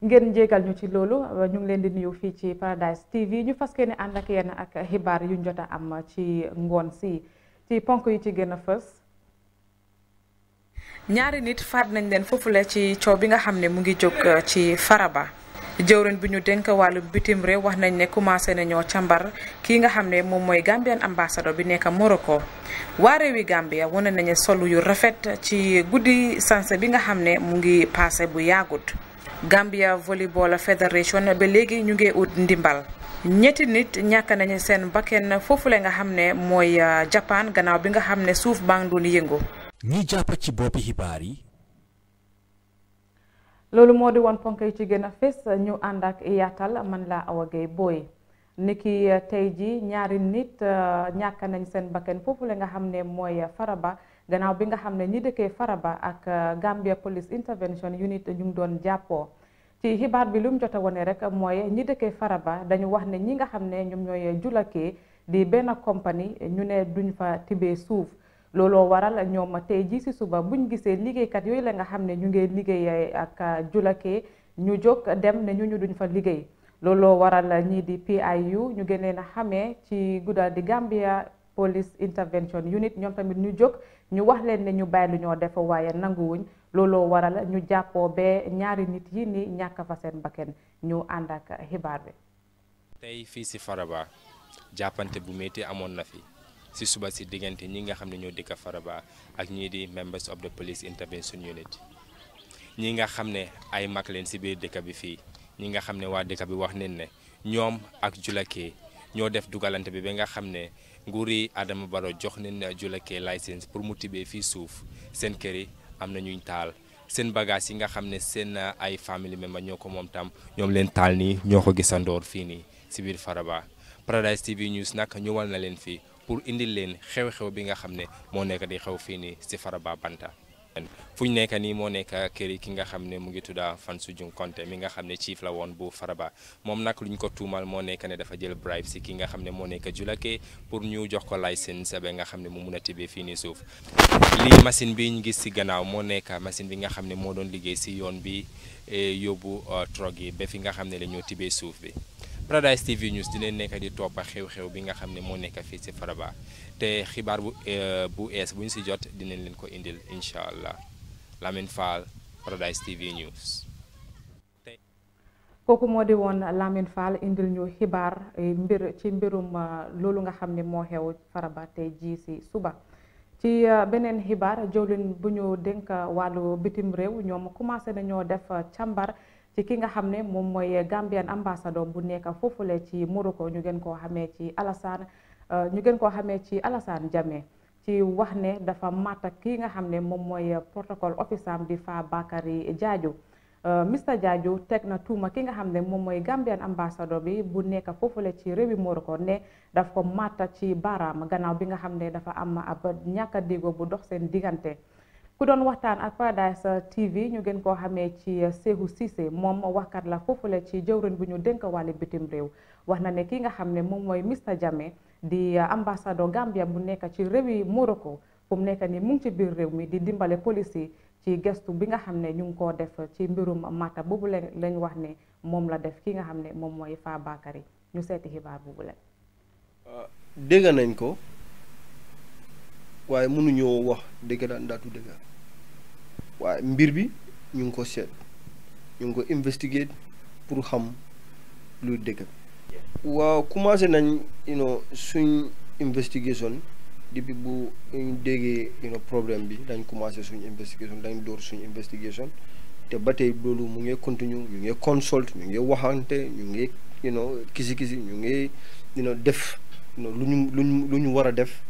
ngeen jégal ñu ci loolu ñu leen di nuyu fii ci Paradise TV ñu fas yéene ànd ak yéen ak xibaar yu ñu jot a am ci ngoon si ci ponk yi ci gën a fës. ñaari nit faat nañ leen foofu la ci coow bi nga xam ne mu ngi jóg euh, ci Faraba jëwrin bu ñu dénk wàllu bitim réew wax nañ ne commencé nañoo càmbar kii nga xam ne moom mooy Gambian ambassador bi nekk Morocco waa réewi Gambia wane nañu solu yu rafet ci guddi sanse bi nga xam ne mu ngi passé bu yaagut Gambia Volleyball Federation ba léegi ñu ngi ut ndimbal ñetti nit ñàkk nañu seen bakken foofu la nga xam ne mooy euh, Japan gannaaw bi nga xam ne suuf baa ngi doon yëngu ñi jàpp ci boppi xibaar yi. loolu moo di woon ponk yi ci gën a fés ñu ànd ak yaatal man laa Awa Gaye Boye niki eh, tey ji ñaari nit eh, ñàkk nañ seen bakken foofu la nga xam ne mooy Faraba gannaaw bi nga xam ne ñi dëkkee Faraba ak eh, Gambia Police Intervention Unit ñu ngi doon jàppoo ci xibaar bi lu mu jot wone rek mooy ñi dëkkee Faraba dañu wax ne ñi nga xam ne ñoom ñooy julakee di benn compagnie ñu ne duñ fa tibee suuf. looloo waral ñoom tey jii si suba buñ gisee liggéeykat yooyu la nga xam ne ñu ngi liggéey ak julakee ñu jóg dem ne ñu ñu duñ fa liggéey looloo waral ñii di PIU ñu génnee leen a xamee ci guddaal di Gambia Police Intervention nit ñoom tamit ñu jóg ñu wax leen ne ñu bàyyi lu ñoo def waaye nanguwuñ looloo waral ñu jàppoo be ñaari nit yi ni ñàkk fa seen bakken ñu ànd ak xibaar bi. tey fii si Faraba jàppante bu métti amoon na fi. si suba si diggante ñi nga xam ne ñoo dëkk Faraba ak ñii di members of the police intervention unit ñi nga xam ne ay mag leen si biir dëkk bi fii ñi nga xam ne waa dëkk bi wax nañ ne ñoom ak Julakeh ñoo def dugalante bi ba nga xam ne nguuri Adama Barrow jox nañ Julakeh licence pour mu tibbee fii suuf seen kër yi am na ñuñ taal seen bagage yi nga xam ne seen ay family member ñoo ko moom tam ñoom leen taal nii ñoo ko gisandoor fii nii si biir Faraba nag ñëwal na leen fii pour indil leen xew-xew bi nga xam ne moo nekk di xew fii nii si Faraba Banta. fu ñu nekk nii moo nekk kër yi ki nga xam ne mu ngi tudda fan Fansujung Konte mi nga xam ne chief la woon bu Faraba moom nag lu ñu ko tuumal moo nekk ne dafa jël bribe si ki nga xam ne moo nekk Julake pour ñu jox ko licence ba nga xam ne mu mun a tibee fii nii suuf lii machine bi gis si gannaaw moo nekk machine bi nga xam ne moo doon liggéey si yoon bi eh, yóbbu eh, trog yi ba fi nga xam ne la ñoo tibee suuf bi Paradise TV News dinañ nekk di topp xew-xew bi nga xam ne moo nekk fii ci Faraba te xibaar bu euh, bu ees bu ñu si jot dinañ leen ko indil incha allah Lamine Fall Paradise TV News. kooku moo di woon Lamine Fall indil ñu xibaar euh, mbir ci mbirum euh, loolu nga xam ne moo xew Faraba tey jii si suba. ci beneen xibaar jëwlin bu ñu dénk wàllu bitim réew ñoom commencé nañoo def càmbar ci ki nga xam ne moom mooy Gambian ambassador bu nekk foofule ci Morocco ñu gën koo xamee ci Alassane euh, ñu gën koo xamee ci Alassane Jammeh ci wax ne dafa màtta ki nga xam ne moom mooy protocol officer am di fa Bakary Jaaju Mr Jaaju teg na ki nga xam ne moom mooy Gambian ambassador bi bu nekk foofule ci réewi Morocco ne daf ko màtta ci baaraam gannaaw bi nga xam ne dafa am ab ñàkk a bu dox seen diggante. ku doon waxtaan ak Paradise TV ñu gën koo xamee ci Sehu Ceesay moom waxkat la foofule ci jëwrin bu ñu dénk wàlli bitim réew wax na ne kii nga xam ne moom mooy Mr Jammeh di eh, ambassadeur Gambia bu nekk ci réewi Morocco fu mu nekk nii mu ngi ci biir réew mi di dimbale police ci gestu bi nga xam ne ñu ngi koo def ci mbirum mata boobu lañ wax ne moom la def ki nga xam ne moom mooy Fa yi ñu seeti xibaar boobu lañ ah, dégg nañ ko waaye mënuñoo wax waaye mbir bi ñu ngi ko seet ñu ngi ko investiguer pour xam luy dëkk waaw commencé nañ you know suñ investigation depuis bu ñu déggee you problème bi dañ commencé suñ investigation dañ door suñ investigation te ba tey loolu mu ngi continue ñu ngi consult ñu ngi waxante ñu ngi you know kisi kisi ñu ngi you def lu ñu lu ñu lu ñu war a def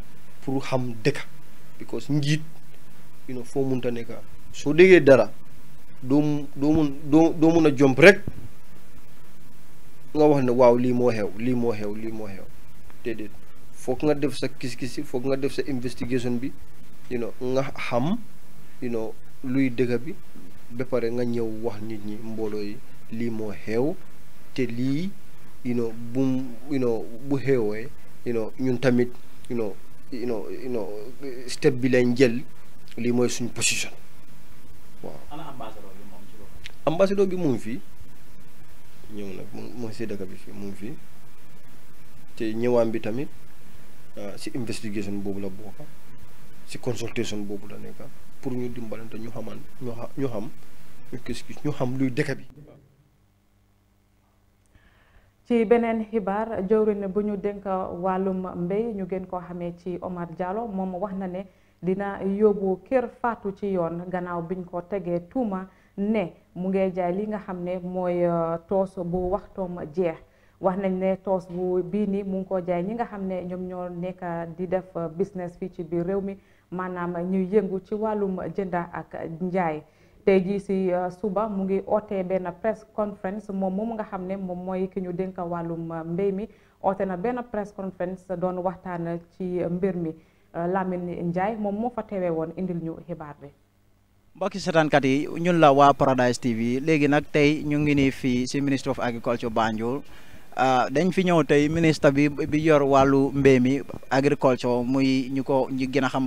pour xam dëkk because njiit you know foo munta nekka soo déggee dara du du mun du du mun a jomp rek nga wax ne waaw lii moo xew lii moo xew lii moo xew foog nga def sa kis-kisi foog nga def sa investigation bi you know nga luy dëgg bi ba nga ñëw wax nit ñi mbooloo lii moo xew te lii you know bu you know xewee you know ñun tamit you know you know step bi lañ jël lii mooy suñ position waaw ana bi moom ci loolu. ambassadeur bi mu fii ñëw nag mu mu si dëkk bi fii mu fii te ñëwaam bi tamit ah, si investigation boobu la bokk si consultation boobu la nekk pour ñu dimbalante ñu xaman ñu xam ñu xam luy dëkk bi. ci beneen xibaar jëwriñ bu ñu dénk wàllum mbéy ñu gën koo xamee ci Omar Diallo moom wax na ne. dina yóbbu kër faatu ci yoon gannaaw biñ ko tegee tuuma ne mu ngee jaay li nga xam ne mooy euh, toos bu waxtoom jeex wax nañ ne toos bu bii nii mu ngi ko jaay ñi nga xam ne ñoom ñoo nekka di def euh, business fii ci biir réew mi maanaam ñuy yëngu ci wàllum jënda ak njaay tey jii si euh, suba mu ngi ootee benn press conference moom moom nga xam ne moom mooy ki ñu dénk wàllum mbay mi oote na benn press conference doon waxtaan ci mbir mi Euh, Lamine Ndiaye moom moo fa teewee woon indil ñu xibaar bi. mbokki seetaankat yi ñun la waa Paradise TV léegi nag tey ñu ngi nii fii si Ministry of Agriculture Banjul. Ah, dañ fi ñëw tey ministre bi bi yor wàllu mbéy mi agriculture muy ñu ko ñu gën a xam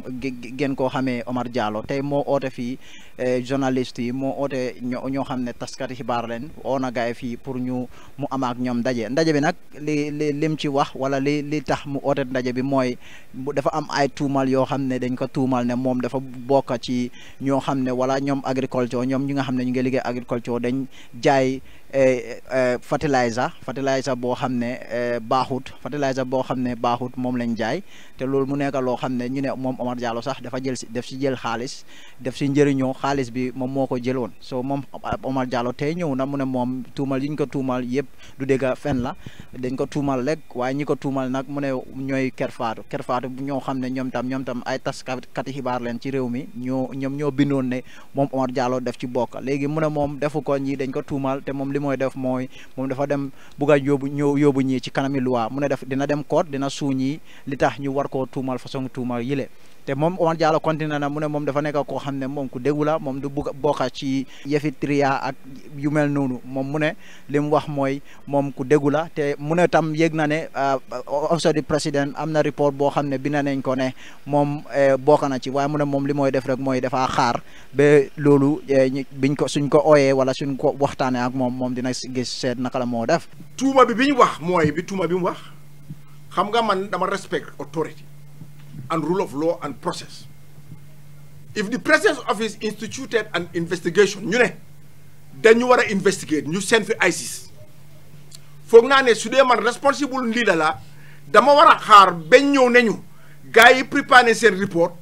gën koo xamee Omar Diallo tey moo ote fii eh, journaliste yi moo oote ñoo xam ne taskati xibaar leen oo na gaay fii pour ñu mu amaak ñoom ndaje ndaje bi nag li li lim ci wax wala li li tax mu ote ndaje bi mooy dafa am ay tuumal yoo xam ne dañ ko tuumal ne moom dafa bokk ci ñoo xam ne wala ñoom agriculture ñoom ñi nga xam ne ñu ngi liggéey agriculture dañ jaay. Eh, eh, fertilizer fertilizer boo xam ne eh, baaxut fertilizer boo xam ne baaxut moom lañ jaay te loolu mu nekk loo xam ne ñu ne moom Omar Diallo sax dafa jël si def si jël xaalis def si njëriñoo xaalis bi moom moo ko jëloon so moom Omar Diallo tey ñëw na mu ne moom tuumal yi ñu ko tuumal yëpp du dégg fen la dañ ko tuumal rek waaye ñi ko tuumal nag mu ne ñooy Ker Fatou Ker Fatou ñoo xam ne ñoom tam ñoom tam ay taskati xibaar leen ci réew mi ñoo ño ñoo bindoon ne moom Omar Diallo def ci bokk léegi mu ne moom defu ko ñi dañ ko tuumal te moom li mooy def mooy moom dafa dem bugg a yóbbu ñëw yóbbu ñii ci kanami loi mu ne def dina dem court dina suuñi li koo tuumal façon tuumal yile te moom Omar Diallo continué na mu ne moom xam ne moom ku déggu la moom du bugg bokka ci tria ak yu mel noonu moom mu ne li mu wax mooy moom ku déggu la te mu ne tam yëg na ne euh, office du président am na report boo xam ne bind nañ ko ne moom euh, bokk na ci waaye mu ne moom li mooy def rek mooy dafaa xaar ba loolu euh, biñ ko suñ ko ooyee wala suñ ko waxtaanee ak moom moom dina gis seet naka la moo def. tuuma bi bi wax mooy tuuma bi wax. xam nga man dama respect authority and rule of law and process if the president's office instituted an investigation ñu ne dañu war a investigate ñu seen fi ISIS foog naa ne su dee man responsible leader la dama war a xaar bañ ñëw nañu gars yi préparé seen report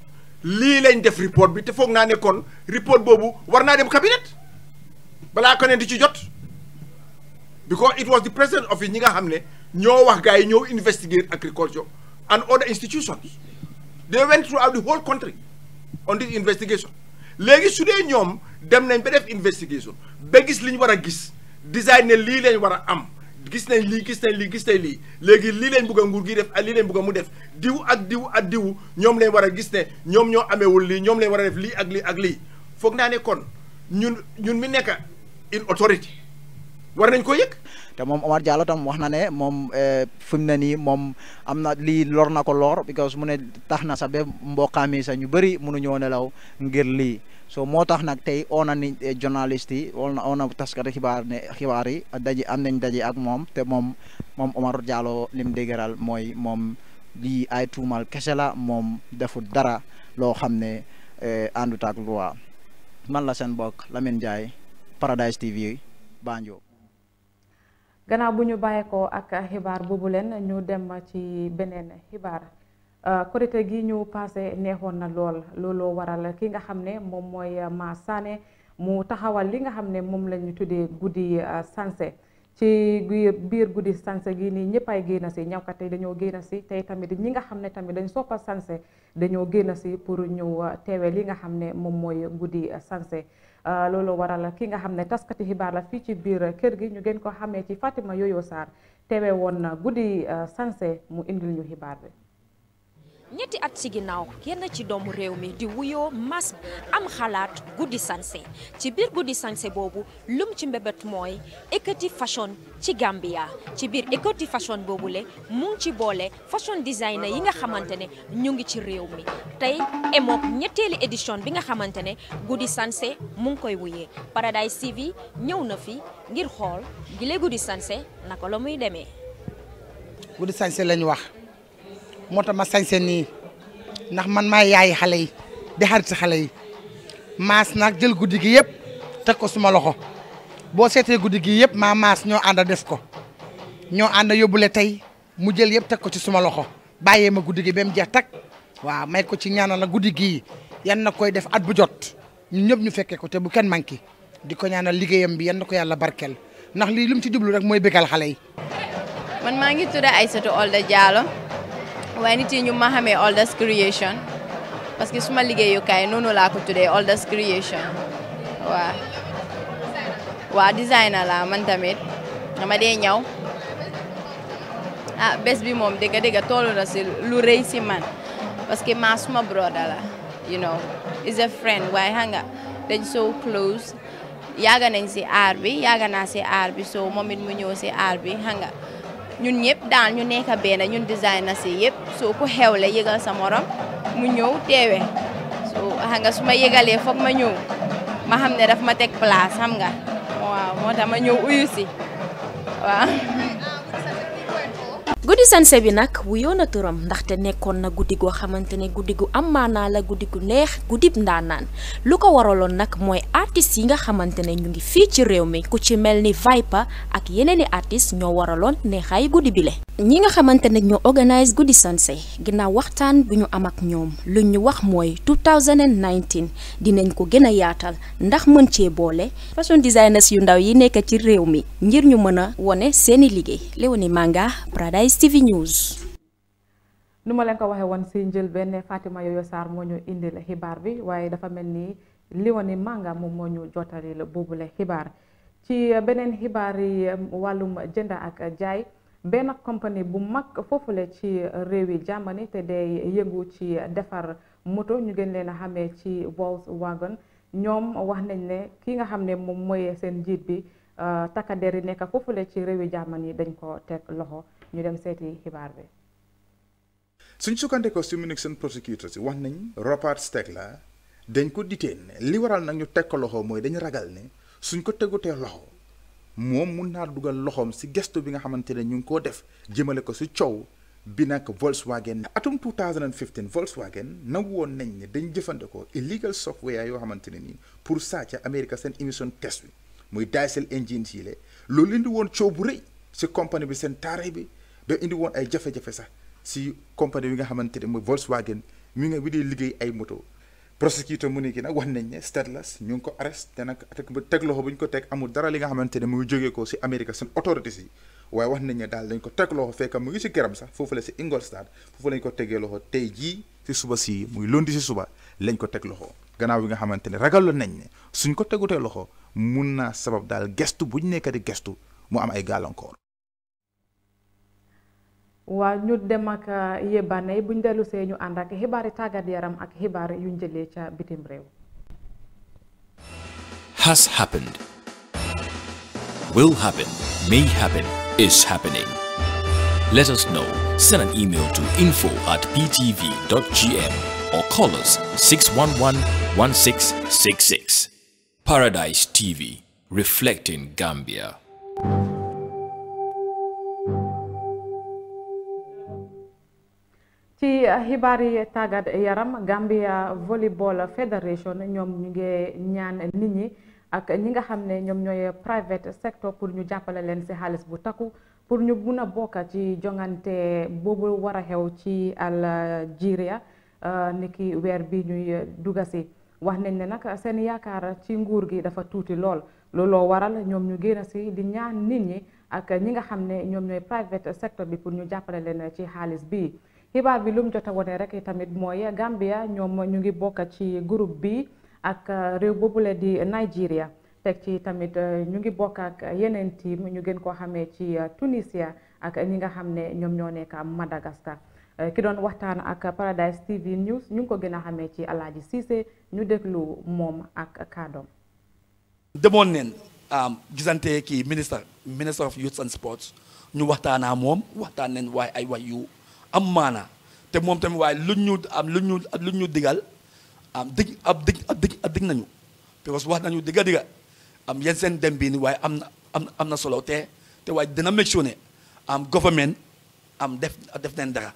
lii lañ def report bi te foog naa ne kon report boobu war naa dem cabinet balaa ko di ci jot because it was the president office ñi nga xam ne ñoo wax gars yi ñoo investigate agriculture and other institutions they went throughout the whole country on this investigation léegi su dee ñoom dem nañ ba def investigation ba gis li ñu war a gis design ne lii lañ war a am gis nañ lii gis nañ lii gis nañ lii léegi lii leen bëgg a nguur gi def ak lii lañ bëgg mu def diw ak diw ak diw ñoom lañ war a gis ne ñoom ñoo ameewul lii ñoom lañ war a def lii ak lii ak lii foog naa ne kon ñun ñun mi nekk une autorité war nañ ko yëg te moom Omar Diallo tam wax na ne moom eh, fi mu ne nii moom am na lii lor na ko lor because mu ne tax na sa ba mbokkaam yi sa ñu bëri mënuñoo nelaw ngir lii so moo tax nag tey oo na ni eh, journaliste yi oo na oo na taskati xibaar ne xibaar yi daje am nañ daje ak moom te moom moom Omar Diallo lim dëgëral mooy moom lii ay tuumal kese la moom deful dara loo xam ne eh, àndut ak loi man la seen mbok Lamine Ndiaye Paradise TV Banjo gannaaw bu ñu bàyyeekoo ak xibaar boobu leen ñu dem ci beneen xibaar euh, korité gi ñu passé neexoon na lool looloo waral ki nga xam ne moom mooy Ma Sané mu taxawal li nga xam ne moom la ñu tuddee guddi euh, sanse ci biir guddi sanse gi nii ñëppay génn si ñawkat yi dañoo génn si tey tamit ñi nga xam ne tamit dañ soppa sanse dañoo génn si pour ñu euh, teewee li nga xam ne moom mooy guddi sanse Euh, loolu waral ki nga xam ne taskati xibaar la fii ci biir kër gi ñu gën koo xamee ci Fatima Yooyo saar teewe woon na guddi euh, sanse mu indil ñu xibaar bi ñetti at ci ginnaaw kenn ci doomu réew mi di wuyoo mas am xalaat guddi sanse ci biir guddi sanse boobu lum ci mbébét mooy equity fashion ci Gambia ci biir equity fashion boobule mu ngi ci boole fashion designer yi nga xamante ne ñu ngi ci réew mi tey emook ñetteeli édition bi nga xamante ne guddi sanse mu ngi koy wuyee Paradise TV ñëw na fi ngir xool gile guddi sanse ko la muy demee. guddi sanse lañ wax. moo tax ma sañse nii ndax man maa yaay xale yi di xarit xale yi maas nag jël guddi gi yëpp teg ko suma loxo boo seetee guddi gi yëpp maa maas ñoo ànd def ko ñoo ànd yóbbule tey mu jël yëpp teg ko ci suma loxo bàyyee ma guddi gi ba mu jeex tag waaw may ko ci ñaanal la guddi gii yan na koy def at bu jot ñëpp ñu fekkee ko te bu kenn manqué di ko ñaanal liggéeyam bi yan na ko yàlla barkeel ndax lii lu mu ci jublu rek mooy bégal xale yi. man maa ngi tudd Aïssatou Olda waaye nit yi ñu ma xamee Oldest Creation parce que suma liggéeyukaay noonu laa ko tuddee Oldest Creation waaw. waa designer la man tamit dama dee ñaw ah bés bi moom dëgg dëgg toolu na si lu rëy si man parce que maa suma broda la you know is a friend waaye xam nga dañ so close yaaga nañ si aar bi yaaga naa si aar bi so moom it mu ñëw si aar bi xam ñun ñëpp daal ñu nekk benn ñun designers yi yëpp soo ku xewle yëgal sa morom mu ñëw teewe soo xam su ma yëgalee foog ma ñëw ma xam ne daf ma teg place xam nga waaw moo tax ma ñëw uyu si waaw. guddi sanse bi nag wuyoo na turam ndaxte nekkoon na guddi goo xamante ne guddi gu am maanaa la guddi gu neex guddib ndaanaan lu ko waraloon nag mooy artistes yi nga xamante ne ñu ngi fii ci réew mi ku ci mel ni Vipa ak yeneeni artistes ñoo waraloon neexaay guddi bile. ñi nga xamante ne ñoo organise guddi sanse ginnaaw waxtaan bu ñu am ak ñoom lu ñu wax mooy 2019 dinañ ko gën a yaatal ndax mën cee boole fashion designers yu ndaw yi nekk ci réew mi ngir ñu mën a wone seeni liggéey Léonie AS TV nu ma leen ko waxee woon si njëlbéen Fatima Yoyo Sarr moo ñu indil xibaar bi waaye dafa mel ni Léonie Manga moom moo ñu jottalil boobule xibaar ci beneen xibaar yi um, wàllum jënd ak jaay benn compagnie bu mag foofu foofule ci réew yi Germany te day yëngu ci defar moto ñu gën leen a xamee ci Volkswagen ñoom wax nañ ne ki nga xam ne moom mooy seen njiit bi. Euh, takkader yi nekk foofule ci réewi jàmman yi dañ ko teg loxo ñu dem seeti xibaar bi suñ sukkandikoo si Munich seen prosecutors si wax nañ Robert Stegler dañ ko diteen li waral nag ñu teg ko loxo mooy dañ ragal ne suñ ko tegutee loxo moom mun naa dugal loxoom si gestu bi nga xamante ne ñu ngi koo def jëmale ko si coow bi nag Volkswagen atum 2015 Volkswagen nangu woon nañ ne dañ jëfandikoo illegal software yoo xamante ne nii pour sàcc Amérique seen émission test muy Diesel engines yi le loolu indi woon coow bu rëy si compagnie bi seen taarix bi da indi woon ay jafe-jafe sax si compagnie bi nga xamante ne mooy Volkswagen mi nga wi dee liggéey ay moto prosecutor mu ne ki nag wax nañ ne Stadlas ñu ngi ko arrest te nag teg loxo bu ñu ko teg amul dara li nga xamante ne muy jógee ko si Amérique seen autorités yi waaye wax nañ ne daal dañ ko teg loxo fekk mu ngi si këram sax foofu la si Ingolstadt foofu lañ ko tegee loxo tey jii si suba si muy lundi si suba lañ ko teg gannaaw bi nga xamante ne ragaloon nañ ne suñ ko tegutee loxo mun naa sabab daal gestu bu ñu nekk di gestu mu am ay gàllankoor. waa ñu dem ak euh, yébaane yi ñu dellu see ñu ànd ak xibaari tàggat yaram ak xibaar yu njëlee ca bitim réew. Has happened. Will happen. May happen. Is happening. Let us know. Send an email to info at ptv.gm. Call us 611-1666. ci xibaar yi tàggat yaram Gambia Volleyball Federation ñoom ñu ngi ñaan nit ñi ak ñi nga xam ne ñoom ñooy private sector pour ñu jàppale leen si xaalis bu takku pour ñu mun a bokk ci jongante boobu war a xew ci Algeria Euh, niki weer bi ñuy euh, si wax nañ ne nag seen yaakaar ci nguur gi dafa tuuti lool looloo waral ñoom ñu génn si di ñaan nit ñi ak ñi nga xam ne ñoom ñooy private sector bi pour ñu jàppale leen ci xaalis bi xibaar bi lu mu jot a wone rek tamit mooy Gambia ñoom ñu ngi bokk ci groupe bi ak euh, réew boobule di Nigeria teg ci tamit ñu ngi bokk yeneen team gën koo xamee ci Tunisia ak ñi nga xam ne ñoom ñoo nekk Madagascar. Eh, ki doon waxtaan ak Paradise TV News ñu ngi ko gën a xamee ci Alaaji Cissé ñu déglu moom ak kàddoom. demoon neen gisante kii ministre ministre of youth and sports ñu waxtaanaa moom waxtaan neen waaye ay wax yu am maana te moom tamit waaye lu ñu am luñ ñu lu ñu digal am dig ab dig ab dig ab dig nañu parce que wax nañu digga am yenn seen dem waaye am na am am na solo te te waaye dina make am government am def def neen dara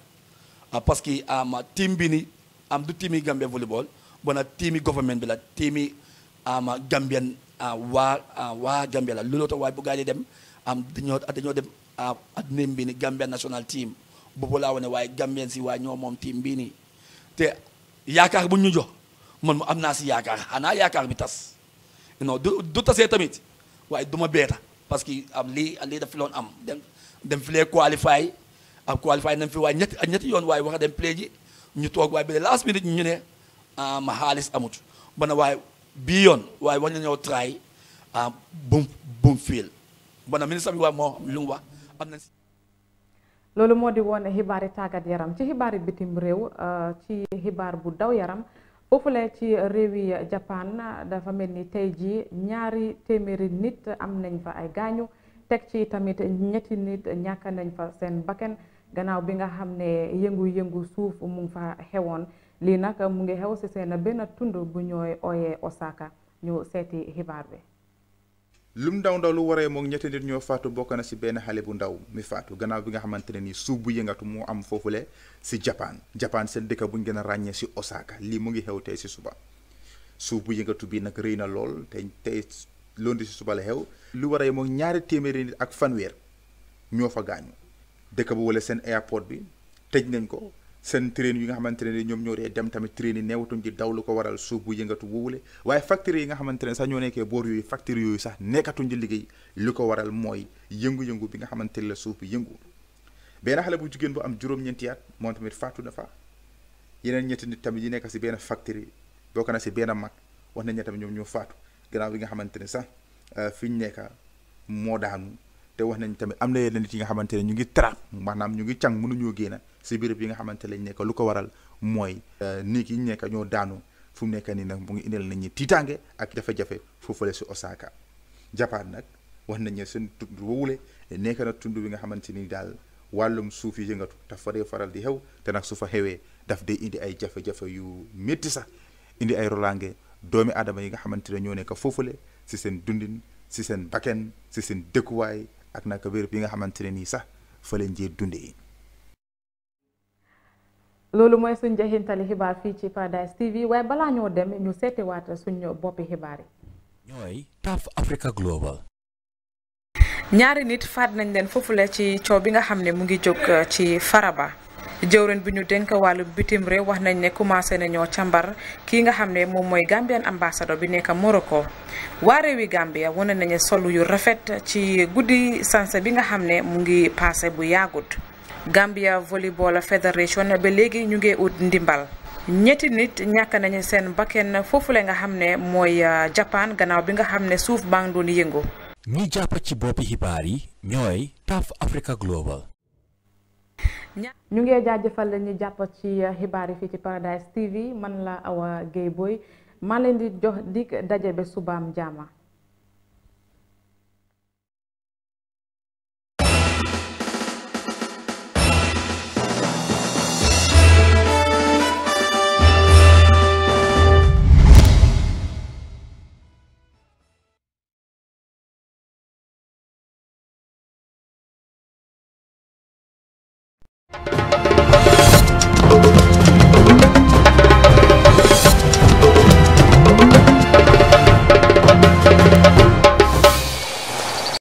Ah, paski um, ah, team bini um, ah, du team Gambia volleyball bona team government bila team um, Gambian uh, wa uh, la lolo to wa bu dem am dem uh, at national team boobu laa wane waaye Gambian si waaye ñoo tiim team bii nii te yaakaar bu ñu jox man mu am naa si yaakaar xanaa yaakaar bi tas du tasee tamit waaye du beeta parce que am lii lii daf loon am dem dem fi ab qualifié nañ fi waaye ñetti ñetti yoon waaye wax dem play ji ñu toog waaye bi de ñu ne ah, ma xaalis amut ba bii yoon waaye wax nañoo try ah, bum bum fiil ba na ministre bi wax moo lu wax am na. loolu moo di woon xibaari tàggat yaram ci xibaari bitim réew ah, ci xibaar bu daw yaram foofule ci réewi Japan dafa mel ni tey jii ñaari téeméeri nit am nañ fa ay gaañu teg ci tamit ñetti nit ñàkk nañ fa seen bakken. gannaaw bi nga xam ne yëngu-yëngu suuf mu ngi fa xewoon lii nag mu ngi xew si seen benn tund bu ñooy ooyee Osaka ñu seeti xibaar bi. lum ndaw ndaw lu waree moog ñetti nit ñoo faatu bokk na si benn xale bu ndaw mi faatu gannaaw bi nga xamante ne nii suuf bu yëngatu moo am foofule si Japan Japan seen dëkk buñ gën a ràññee si Osaka lii mu ngi xew tey si suba suuf bu yëngatu bii nag rëy na lool te tey loolu si suba la xew. lu waree moog ñaari téeméeri nit ak fanweer ñoo fa dëkk ba wala seen airport bi tëj nañ ko seen train yi nga xamante ne ñoom ñoo dee dem tamit train yi neewatuñ ci daw lu ko waral suuf bu yëngatu woowule waaye facteurs yi nga xamante ne sax ñoo nekkee boor yooyu facteurs yooyu sax nekkatuñ liggéey li ko waral mooy yëngu bi nga xamante ne la suuf bi yëngu benn xale bu jigéen bu am juróom at moom tamit faatu na fa yeneen ñetti nit tamit yi nekk si benn facteurs yi bokk na si benn mag wax nañ ne tamit ñoom ñoo faatu gannaaw bi nga xamante ne sax euh, fi ñu nekk moo daanu te wax nañ tamit am na yeneen nit yi nga xamante ne ñu ngi trap maanaam ñu ngi càng mënuñoo génn si béréb yi nga xamante lañ nekk lu ko waral mooy euh, néeg yi ñu nekk ñoo daanu fu mu nekk nii nag mu ngi indil nañ ñi tiitaange ak jafe-jafe foofule si Osaka Japan nag wax nañ seen tund woowule nekk na tund bi nga xamante ni daal wàllum suuf yi yëngatu dafa dee faral di xew te nag su fa xewee daf dee indi ay jafe-jafe yu métti sax indi ay rolaange doomi aadama yi nga xamante ne ñoo nekk foofule si seen dundin si seen bakken si seen dëkkuwaay ak naka béréb yi nga xamante ne nii sax fa lañ jee dundee. loolu mooy suñ jeexintali xibaar fii ci Paradise TV waaye balaa ñoo dem ñu seetiwaat suñu boppi xibaar yi. ñooy TAF Africa Global. ñaari nit faat nañ leen foofule ci coow bi nga xam ne mu ngi jóg ci Faraba. jëwrin bi ñu dénk wàllum bitim réew wax nañ ne commencé nañoo càmbar kii nga xam ne moom mooy Gambian ambassador bi nekk Morocco waa réewi Gambia wane nañu solu yu rafet ci guddi sanse bi nga xam ne mu ngi passé bu yaagut Gambia Volleyball Federation ba léegi ñu ngi ut ndimbal ñetti nit ñakk nañu seen bakken foofu la nga xam ne mooy uh, Japan gannaaw bi nga xam ne suuf baa ngi doon yëngu. ñi jàpp ci boppi xibaar yi ñooy TAF Africa Global. ñu ngee jaajëfal la ñu jàpp ci xibaar yi fii ci Paradise TV man la Awa Guèye booy maa leen di jox di daje ba subaam jaama